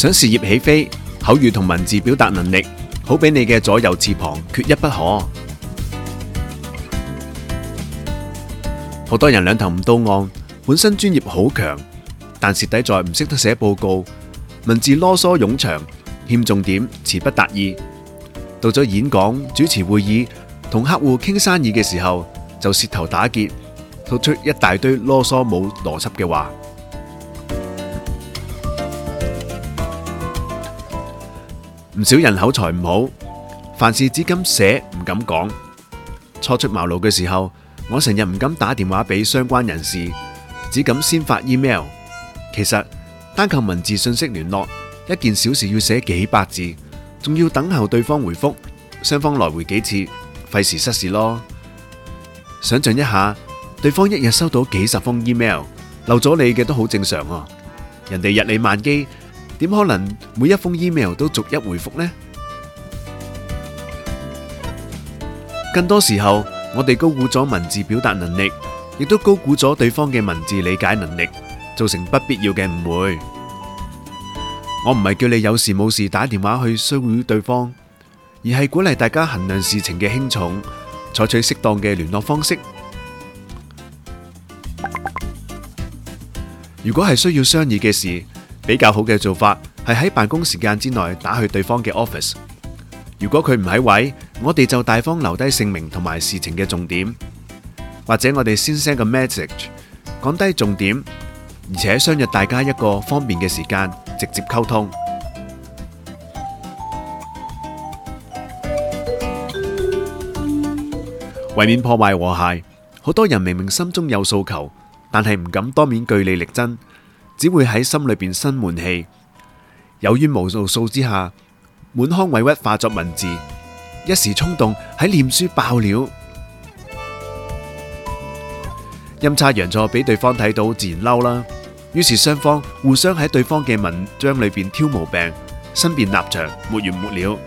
想事業起飛，口語同文字表達能力好比你嘅左右翅膀，缺一不可。好 多人兩頭唔到岸，本身專業好強，但蝕底在唔識得寫報告，文字囉嗦冗長，欠重點，詞不達意。到咗演講、主持會議、同客戶傾生意嘅時候，就舌頭打結，吐出一大堆囉嗦冇邏輯嘅話。唔少人口才唔好，凡事只敢寫，唔敢講。初出茅廬嘅時候，我成日唔敢打電話俾相關人士，只敢先發 email。其實單靠文字信息聯絡，一件小事要寫幾百字，仲要等候對方回覆，雙方來回幾次，費時失事咯。想象一下，對方一日收到幾十封 email，漏咗你嘅都好正常啊、哦。人哋日理萬機。點可能每一封 email 都逐一回覆呢？更多時候，我哋高估咗文字表達能力，亦都高估咗對方嘅文字理解能力，造成不必要嘅誤會。我唔係叫你有事冇事打電話去騷擾對方，而係鼓勵大家衡量事情嘅輕重，採取適當嘅聯絡方式。如果係需要商議嘅事，比較好嘅做法係喺辦公時間之內打去對方嘅 office。如果佢唔喺位，我哋就大方留低姓名同埋事情嘅重點，或者我哋先 send 個 message，講低重點，而且相約大家一個方便嘅時間直接溝通。為 免破壞和諧，好多人明明心中有訴求，但係唔敢當面據理力爭。只會喺心裏邊生悶氣，有冤無路訴之下，滿腔委屈化作文字，一時衝動喺臉書爆料，陰差陽錯俾對方睇到自然嬲啦。於是雙方互相喺對方嘅文章裏邊挑毛病，申辯立場，沒完沒了。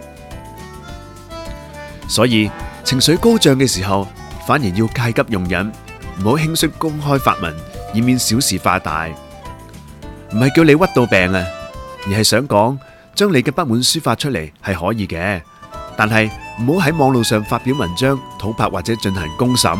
所以情緒高漲嘅時候，反而要戒急用忍，唔好輕率公開發文，以免小事化大。唔係叫你屈到病啊，而係想講，將你嘅不滿抒發出嚟，係可以嘅，但係唔好喺網路上發表文章，討拍或者進行公審。